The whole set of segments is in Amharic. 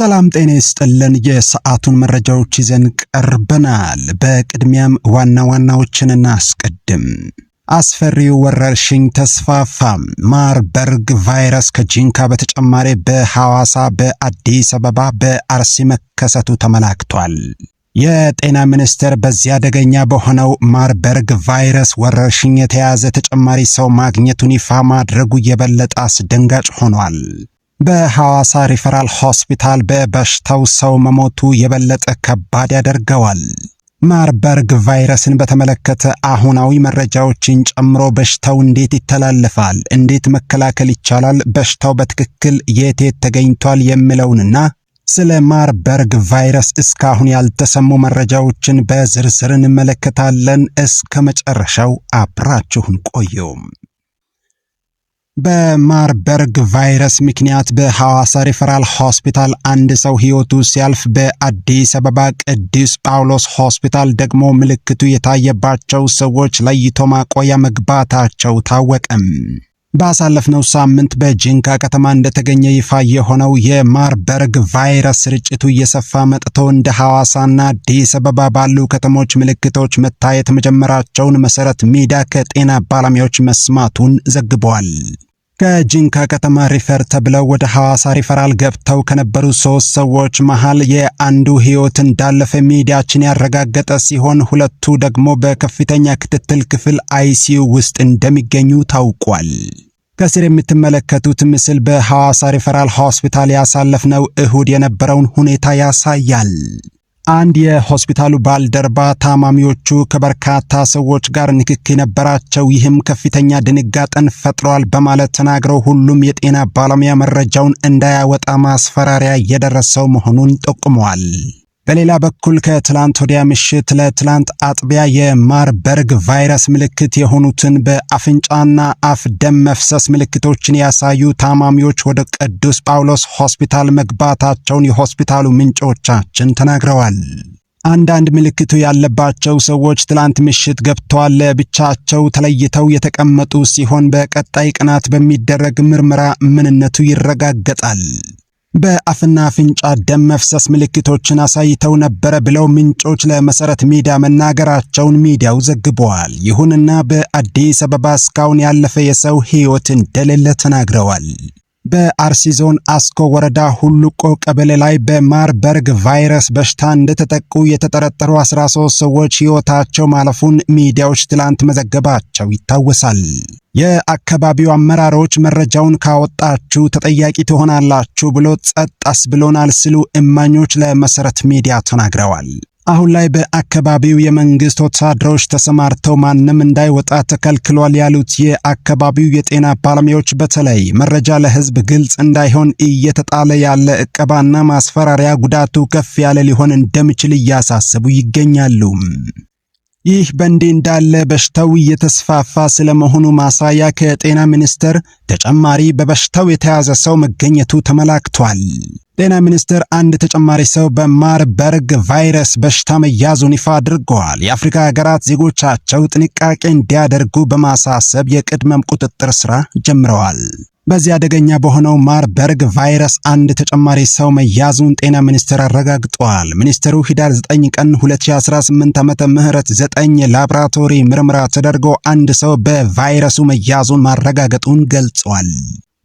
ሰላም ጤና ይስጥልን። የሰዓቱን መረጃዎች ይዘን ቀርበናል። በቅድሚያም ዋና ዋናዎችን እናስቀድም። አስፈሪው ወረርሽኝ ተስፋፋ። ማርበርግ ቫይረስ ከጂንካ በተጨማሪ በሐዋሳ፣ በአዲስ አበባ፣ በአርሲ መከሰቱ ተመላክቷል። የጤና ሚኒስቴር በዚህ አደገኛ በሆነው ማርበርግ ቫይረስ ወረርሽኝ የተያዘ ተጨማሪ ሰው ማግኘቱን ይፋ ማድረጉ የበለጠ አስደንጋጭ ሆኗል። በሐዋሳ ሪፈራል ሆስፒታል በበሽታው ሰው መሞቱ የበለጠ ከባድ ያደርገዋል። ማርበርግ ቫይረስን በተመለከተ አሁናዊ መረጃዎችን ጨምሮ በሽታው እንዴት ይተላለፋል፣ እንዴት መከላከል ይቻላል፣ በሽታው በትክክል የት የት ተገኝቷል የሚለውንና ስለ ማርበርግ ቫይረስ እስካሁን ያልተሰሙ መረጃዎችን በዝርዝር እንመለከታለን። እስከ መጨረሻው አብራችሁን ቆዩም። በማርበርግ ቫይረስ ምክንያት በሐዋሳ ሪፈራል ሆስፒታል አንድ ሰው ህይወቱ ሲያልፍ በአዲስ አበባ ቅዱስ ጳውሎስ ሆስፒታል ደግሞ ምልክቱ የታየባቸው ሰዎች ለይቶ ማቆያ መግባታቸው ታወቀም። ባሳለፍነው ሳምንት በጂንካ ከተማ እንደተገኘ ይፋ የሆነው የማርበርግ ቫይረስ ስርጭቱ እየሰፋ መጥቶ እንደ ሐዋሳና አዲስ አበባ ባሉ ከተሞች ምልክቶች መታየት መጀመራቸውን መሰረት ሚዲያ ከጤና ባለሙያዎች መስማቱን ዘግቧል። ከጂንካ ከተማ ሪፈር ተብለው ወደ ሐዋሳ ሪፈራል ገብተው ከነበሩ ሶስት ሰዎች መሃል የአንዱ ህይወት እንዳለፈ ሚዲያችን ያረጋገጠ ሲሆን ሁለቱ ደግሞ በከፍተኛ ክትትል ክፍል አይሲዩ ውስጥ እንደሚገኙ ታውቋል። ከስር የምትመለከቱት ምስል በሐዋሳ ሪፈራል ሆስፒታል ያሳለፍነው እሁድ የነበረውን ሁኔታ ያሳያል። አንድ የሆስፒታሉ ባልደረባ ታማሚዎቹ ከበርካታ ሰዎች ጋር ንክክ የነበራቸው ይህም ከፍተኛ ድንጋጤን ፈጥሯል በማለት ተናግረው ሁሉም የጤና ባለሙያ መረጃውን እንዳያወጣ ማስፈራሪያ የደረሰው መሆኑን ጠቁመዋል። በሌላ በኩል ከትላንት ወዲያ ምሽት ለትላንት አጥቢያ የማርበርግ ቫይረስ ምልክት የሆኑትን በአፍንጫና አፍ ደም መፍሰስ ምልክቶችን ያሳዩ ታማሚዎች ወደ ቅዱስ ጳውሎስ ሆስፒታል መግባታቸውን የሆስፒታሉ ምንጮቻችን ተናግረዋል። አንዳንድ ምልክቱ ያለባቸው ሰዎች ትላንት ምሽት ገብተዋል። ለብቻቸው ተለይተው የተቀመጡ ሲሆን በቀጣይ ቀናት በሚደረግ ምርመራ ምንነቱ ይረጋገጣል። በአፍና አፍንጫ ደም መፍሰስ ምልክቶችን አሳይተው ነበረ ብለው ምንጮች ለመሰረት ሚዲያ መናገራቸውን ሚዲያው ዘግበዋል። ይሁንና በአዲስ አበባ እስካሁን ያለፈ የሰው ሕይወት እንደሌለ ተናግረዋል። በአርሲ ዞን አስኮ ወረዳ ሁሉቆ ቀበሌ ላይ በማርበርግ ቫይረስ በሽታ እንደተጠቁ የተጠረጠሩ 13 ሰዎች ሕይወታቸው ማለፉን ሚዲያዎች ትላንት መዘገባቸው ይታወሳል። የአካባቢው አመራሮች መረጃውን ካወጣችሁ ተጠያቂ ትሆናላችሁ ብሎ ጸጥ አስብሎናል ሲሉ እማኞች ለመሰረት ሚዲያ ተናግረዋል። አሁን ላይ በአካባቢው የመንግስት ወታደሮች ተሰማርተው ማንም እንዳይወጣ ተከልክሏል ያሉት የአካባቢው የጤና ባለሙያዎች በተለይ መረጃ ለህዝብ ግልጽ እንዳይሆን እየተጣለ ያለ እቀባና ማስፈራሪያ ጉዳቱ ከፍ ያለ ሊሆን እንደሚችል እያሳሰቡ ይገኛሉ። ይህ በእንዲህ እንዳለ በሽታው እየተስፋፋ ስለመሆኑ ማሳያ ከጤና ሚኒስቴር ተጨማሪ በበሽታው የተያዘ ሰው መገኘቱ ተመላክቷል። ጤና ሚኒስቴር አንድ ተጨማሪ ሰው በማርበርግ ቫይረስ በሽታ መያዙን ይፋ አድርገዋል። የአፍሪካ ሀገራት ዜጎቻቸው ጥንቃቄ እንዲያደርጉ በማሳሰብ የቅድመም ቁጥጥር ስራ ጀምረዋል። በዚህ አደገኛ በሆነው ማርበርግ ቫይረስ አንድ ተጨማሪ ሰው መያዙን ጤና ሚኒስቴር አረጋግጧል። ሚኒስቴሩ ሂዳር 9 ቀን 2018 ዓመተ ምህረት 9 ላብራቶሪ ምርመራ ተደርጎ አንድ ሰው በቫይረሱ መያዙን ማረጋገጡን ገልጿል።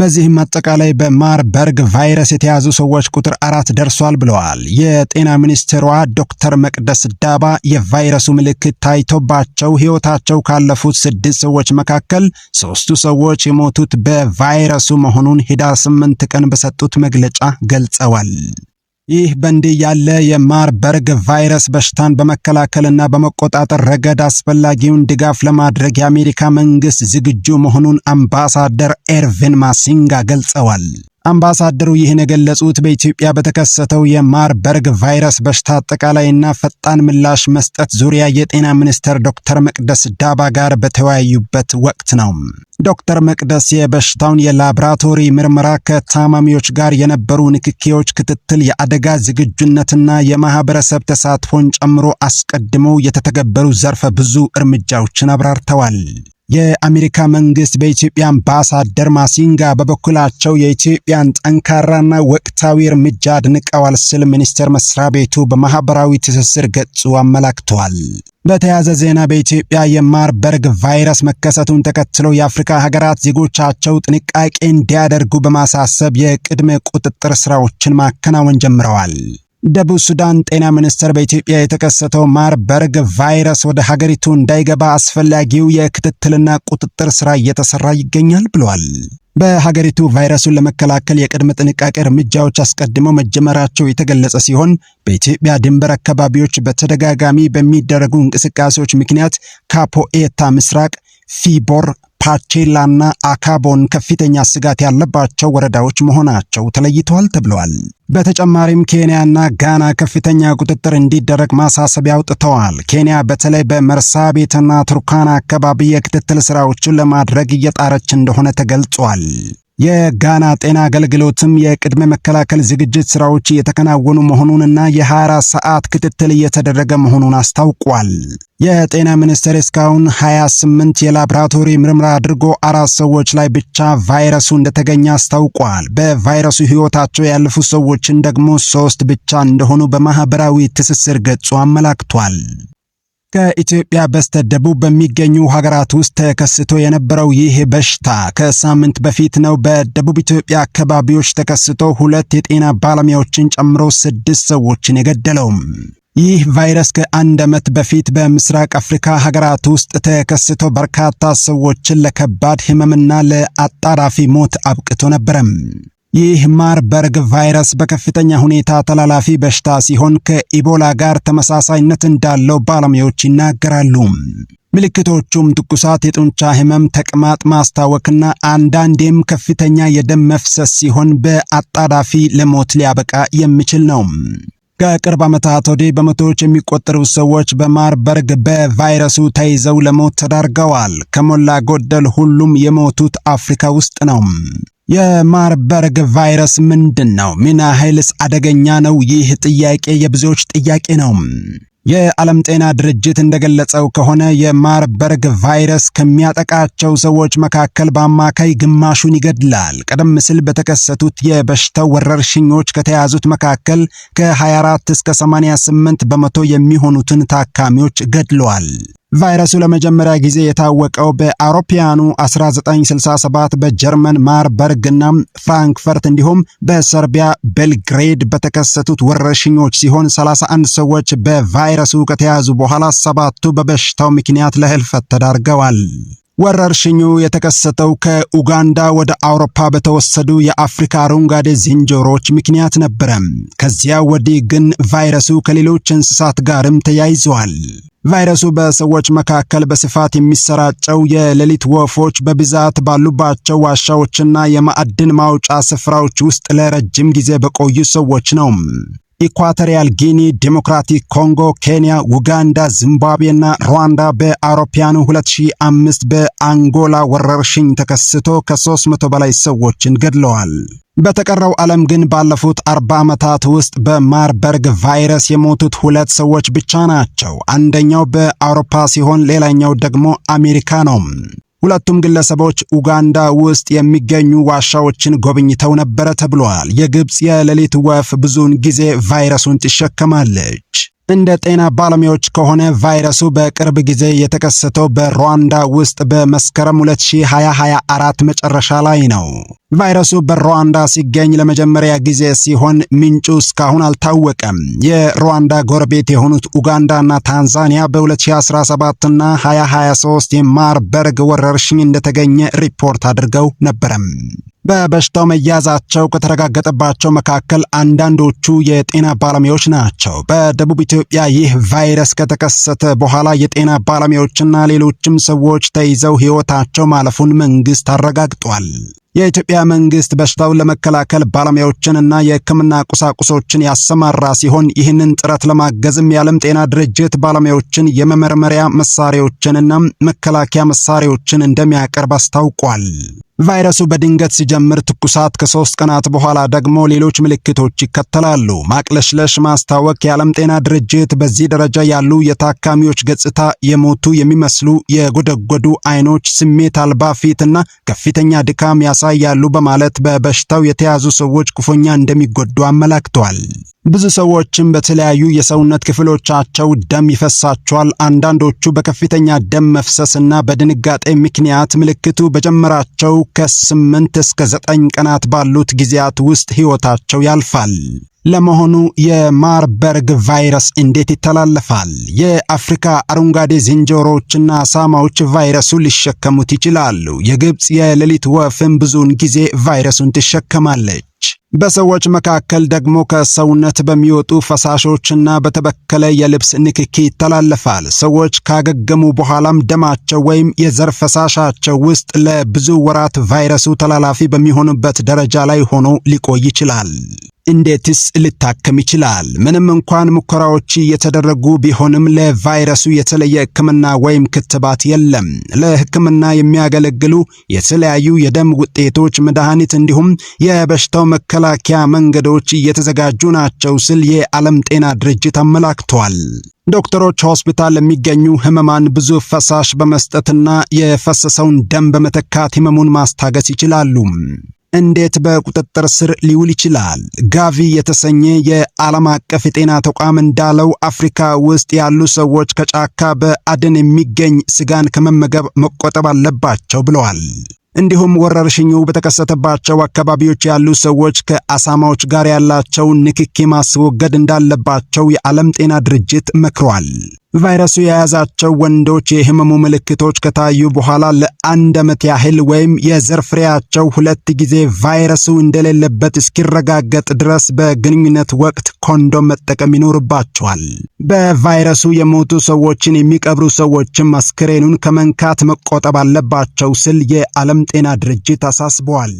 በዚህም አጠቃላይ በማርበርግ ቫይረስ የተያዙ ሰዎች ቁጥር አራት ደርሷል ብለዋል። የጤና ሚኒስትሯ ዶክተር መቅደስ ዳባ የቫይረሱ ምልክት ታይቶባቸው ሕይወታቸው ካለፉት ስድስት ሰዎች መካከል ሶስቱ ሰዎች የሞቱት በቫይረሱ መሆኑን ኅዳር ስምንት ቀን በሰጡት መግለጫ ገልጸዋል። ይህ በእንዲህ ያለ የማርበርግ ቫይረስ በሽታን በመከላከልና በመቆጣጠር ረገድ አስፈላጊውን ድጋፍ ለማድረግ የአሜሪካ መንግስት ዝግጁ መሆኑን አምባሳደር ኤርቪን ማሲንጋ ገልጸዋል። አምባሳደሩ ይህን የገለጹት በኢትዮጵያ በተከሰተው የማርበርግ ቫይረስ በሽታ አጠቃላይና ፈጣን ምላሽ መስጠት ዙሪያ የጤና ሚኒስትር ዶክተር መቅደስ ዳባ ጋር በተወያዩበት ወቅት ነው። ዶክተር መቅደስ የበሽታውን የላብራቶሪ ምርመራ፣ ከታማሚዎች ጋር የነበሩ ንክኪዎች ክትትል፣ የአደጋ ዝግጁነትና የማህበረሰብ ተሳትፎን ጨምሮ አስቀድመው የተተገበሩ ዘርፈ ብዙ እርምጃዎችን አብራርተዋል። የአሜሪካ መንግስት በኢትዮጵያ አምባሳደር ማሲንጋ በበኩላቸው የኢትዮጵያን ጠንካራና ወቅታዊ እርምጃ አድንቀዋል ሲል ሚኒስቴር መስሪያ ቤቱ በማህበራዊ ትስስር ገጹ አመላክተዋል። በተያያዘ ዜና በኢትዮጵያ የማርበርግ ቫይረስ መከሰቱን ተከትሎ የአፍሪካ ሀገራት ዜጎቻቸው ጥንቃቄ እንዲያደርጉ በማሳሰብ የቅድመ ቁጥጥር ስራዎችን ማከናወን ጀምረዋል። ደቡብ ሱዳን ጤና ሚኒስቴር በኢትዮጵያ የተከሰተው ማርበርግ ቫይረስ ወደ ሀገሪቱ እንዳይገባ አስፈላጊው የክትትልና ቁጥጥር ስራ እየተሰራ ይገኛል ብለዋል። በሀገሪቱ ቫይረሱን ለመከላከል የቅድመ ጥንቃቄ እርምጃዎች አስቀድመው መጀመራቸው የተገለጸ ሲሆን በኢትዮጵያ ድንበር አካባቢዎች በተደጋጋሚ በሚደረጉ እንቅስቃሴዎች ምክንያት ካፖኤታ ምስራቅ፣ ፊቦር፣ ፓቼላና አካቦን ከፍተኛ ስጋት ያለባቸው ወረዳዎች መሆናቸው ተለይተዋል ተብለዋል። በተጨማሪም ኬንያና ጋና ከፍተኛ ቁጥጥር እንዲደረግ ማሳሰቢያ አውጥተዋል። ኬንያ በተለይ በመርሳ ቤትና ቱርካና አካባቢ የክትትል ስራዎችን ለማድረግ እየጣረች እንደሆነ ተገልጿል። የጋና ጤና አገልግሎትም የቅድመ መከላከል ዝግጅት ስራዎች እየተከናወኑ መሆኑንና የ24 ሰዓት ክትትል እየተደረገ መሆኑን አስታውቋል። የጤና ሚኒስቴር እስካሁን 28 የላብራቶሪ ምርምራ አድርጎ አራት ሰዎች ላይ ብቻ ቫይረሱ እንደተገኘ አስታውቋል። በቫይረሱ ሕይወታቸው ያለፉ ሰዎችን ደግሞ ሶስት ብቻ እንደሆኑ በማህበራዊ ትስስር ገጹ አመላክቷል። ከኢትዮጵያ በስተደቡብ በሚገኙ ሀገራት ውስጥ ተከስቶ የነበረው ይህ በሽታ ከሳምንት በፊት ነው በደቡብ ኢትዮጵያ አካባቢዎች ተከስቶ ሁለት የጤና ባለሙያዎችን ጨምሮ ስድስት ሰዎችን የገደለው። ይህ ቫይረስ ከአንድ ዓመት በፊት በምስራቅ አፍሪካ ሀገራት ውስጥ ተከስቶ በርካታ ሰዎችን ለከባድ ህመምና ለአጣዳፊ ሞት አብቅቶ ነበረም። ይህ ማርበርግ ቫይረስ በከፍተኛ ሁኔታ ተላላፊ በሽታ ሲሆን ከኢቦላ ጋር ተመሳሳይነት እንዳለው ባለሙያዎች ይናገራሉ። ምልክቶቹም ትኩሳት፣ የጡንቻ ህመም፣ ተቅማጥ፣ ማስታወክና አንዳንዴም ከፍተኛ የደም መፍሰስ ሲሆን በአጣዳፊ ለሞት ሊያበቃ የሚችል ነው። ከቅርብ ዓመታት ወዲህ በመቶዎች የሚቆጠሩ ሰዎች በማርበርግ በቫይረሱ ተይዘው ለሞት ተዳርገዋል። ከሞላ ጎደል ሁሉም የሞቱት አፍሪካ ውስጥ ነው። የማርበርግ ቫይረስ ምንድን ነው? ምን ያህልስ አደገኛ ነው? ይህ ጥያቄ የብዙዎች ጥያቄ ነው። የዓለም ጤና ድርጅት እንደገለጸው ከሆነ የማርበርግ ቫይረስ ከሚያጠቃቸው ሰዎች መካከል በአማካይ ግማሹን ይገድላል። ቀደም ሲል በተከሰቱት የበሽታው ወረርሽኞች ከተያዙት መካከል ከ24 እስከ 88 በመቶ የሚሆኑትን ታካሚዎች ገድለዋል። ቫይረሱ ለመጀመሪያ ጊዜ የታወቀው በአውሮፓውያኑ 1967 በጀርመን ማርበርግ እና ፍራንክፈርት እንዲሁም በሰርቢያ ቤልግሬድ በተከሰቱት ወረርሽኞች ሲሆን 31 ሰዎች በቫይረሱ ከተያዙ በኋላ ሰባቱ በበሽታው ምክንያት ለህልፈት ተዳርገዋል። ወረርሽኙ የተከሰተው ከኡጋንዳ ወደ አውሮፓ በተወሰዱ የአፍሪካ አረንጓዴ ዝንጀሮዎች ምክንያት ነበረ። ከዚያ ወዲህ ግን ቫይረሱ ከሌሎች እንስሳት ጋርም ተያይዘዋል። ቫይረሱ በሰዎች መካከል በስፋት የሚሰራጨው የሌሊት ወፎች በብዛት ባሉባቸው ዋሻዎችና የማዕድን ማውጫ ስፍራዎች ውስጥ ለረጅም ጊዜ በቆዩ ሰዎች ነው። ኢኳቶሪያል ጊኒ፣ ዲሞክራቲክ ኮንጎ፣ ኬንያ፣ ኡጋንዳ፣ ዚምባብዌ እና ሩዋንዳ በአውሮፓውያኑ 2005 በአንጎላ ወረርሽኝ ተከስቶ ከ300 በላይ ሰዎችን ገድለዋል። በተቀረው ዓለም ግን ባለፉት 40 ዓመታት ውስጥ በማርበርግ ቫይረስ የሞቱት ሁለት ሰዎች ብቻ ናቸው። አንደኛው በአውሮፓ ሲሆን ሌላኛው ደግሞ አሜሪካ ነው። ሁለቱም ግለሰቦች ኡጋንዳ ውስጥ የሚገኙ ዋሻዎችን ጎብኝተው ነበረ ተብሏል። የግብፅ የሌሊት ወፍ ብዙውን ጊዜ ቫይረሱን ትሸከማለች። እንደ ጤና ባለሙያዎች ከሆነ ቫይረሱ በቅርብ ጊዜ የተከሰተው በሩዋንዳ ውስጥ በመስከረም 2024 መጨረሻ ላይ ነው። ቫይረሱ በሩዋንዳ ሲገኝ ለመጀመሪያ ጊዜ ሲሆን ምንጩ እስካሁን አልታወቀም። የሩዋንዳ ጎረቤት የሆኑት ኡጋንዳና ታንዛኒያ በ2017ና 2023 የማርበርግ ወረርሽኝ እንደተገኘ ሪፖርት አድርገው ነበረም። በበሽታው መያዛቸው ከተረጋገጠባቸው መካከል አንዳንዶቹ የጤና ባለሙያዎች ናቸው። በደቡብ ኢትዮጵያ ይህ ቫይረስ ከተከሰተ በኋላ የጤና ባለሙያዎችና ሌሎችም ሰዎች ተይዘው ሕይወታቸው ማለፉን መንግስት አረጋግጧል። የኢትዮጵያ መንግስት በሽታውን ለመከላከል ባለሙያዎችንና የሕክምና ቁሳቁሶችን ያሰማራ ሲሆን ይህንን ጥረት ለማገዝም የዓለም ጤና ድርጅት ባለሙያዎችን የመመርመሪያ መሳሪያዎችንና መከላከያ መሳሪያዎችን እንደሚያቀርብ አስታውቋል። ቫይረሱ በድንገት ሲጀምር ትኩሳት፣ ከሶስት ቀናት በኋላ ደግሞ ሌሎች ምልክቶች ይከተላሉ። ማቅለሽለሽ፣ ማስታወክ። የዓለም ጤና ድርጅት በዚህ ደረጃ ያሉ የታካሚዎች ገጽታ የሞቱ የሚመስሉ የጎደጎዱ አይኖች፣ ስሜት አልባ ፊትና ከፍተኛ ድካም ያ ያሳያሉ በማለት በበሽታው የተያዙ ሰዎች ክፉኛ እንደሚጎዱ አመላክተዋል። ብዙ ሰዎችም በተለያዩ የሰውነት ክፍሎቻቸው ደም ይፈሳቸዋል። አንዳንዶቹ በከፍተኛ ደም መፍሰስና በድንጋጤ ምክንያት ምልክቱ በጀመራቸው ከስምንት እስከ ዘጠኝ ቀናት ባሉት ጊዜያት ውስጥ ሕይወታቸው ያልፋል። ለመሆኑ የማርበርግ ቫይረስ እንዴት ይተላለፋል? የአፍሪካ አረንጓዴ ዝንጀሮዎችና ሳማዎች ቫይረሱን ሊሸከሙት ይችላሉ። የግብፅ የሌሊት ወፍም ብዙውን ጊዜ ቫይረሱን ትሸከማለች። በሰዎች መካከል ደግሞ ከሰውነት በሚወጡ ፈሳሾችና በተበከለ የልብስ ንክኪ ይተላለፋል። ሰዎች ካገገሙ በኋላም ደማቸው ወይም የዘር ፈሳሻቸው ውስጥ ለብዙ ወራት ቫይረሱ ተላላፊ በሚሆንበት ደረጃ ላይ ሆኖ ሊቆይ ይችላል። እንዴትስ ልታከም ይችላል? ምንም እንኳን ሙከራዎች እየተደረጉ ቢሆንም ለቫይረሱ የተለየ ሕክምና ወይም ክትባት የለም። ለሕክምና የሚያገለግሉ የተለያዩ የደም ውጤቶች፣ መድኃኒት እንዲሁም የበሽታው መከላከያ መንገዶች እየተዘጋጁ ናቸው ሲል የዓለም ጤና ድርጅት አመላክቷል። ዶክተሮች ሆስፒታል ለሚገኙ ህመማን ብዙ ፈሳሽ በመስጠትና የፈሰሰውን ደም በመተካት ህመሙን ማስታገስ ይችላሉ። እንዴት በቁጥጥር ስር ሊውል ይችላል? ጋቪ የተሰኘ የዓለም አቀፍ የጤና ተቋም እንዳለው አፍሪካ ውስጥ ያሉ ሰዎች ከጫካ በአደን የሚገኝ ስጋን ከመመገብ መቆጠብ አለባቸው ብለዋል። እንዲሁም ወረርሽኙ በተከሰተባቸው አካባቢዎች ያሉ ሰዎች ከአሳማዎች ጋር ያላቸው ንክኪ ማስወገድ እንዳለባቸው የዓለም ጤና ድርጅት መክሯል። ቫይረሱ የያዛቸው ወንዶች የህመሙ ምልክቶች ከታዩ በኋላ ለአንድ ዓመት ያህል ወይም የዘር ፍሬያቸው ሁለት ጊዜ ቫይረሱ እንደሌለበት እስኪረጋገጥ ድረስ በግንኙነት ወቅት ኮንዶም መጠቀም ይኖርባቸዋል። በቫይረሱ የሞቱ ሰዎችን የሚቀብሩ ሰዎችም አስክሬኑን ከመንካት መቆጠብ አለባቸው ስል የዓለም ጤና ድርጅት አሳስበዋል።